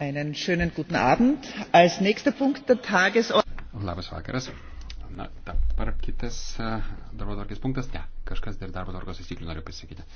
Einen schönen guten Abend. Als nächster Punkt der Tagesordnung. Labas vakaras. Na, dabar kitas e, darbo tvarkės punktas. Ne, kažkas dar darbo tvarkos įsiklių noriu pasakyti.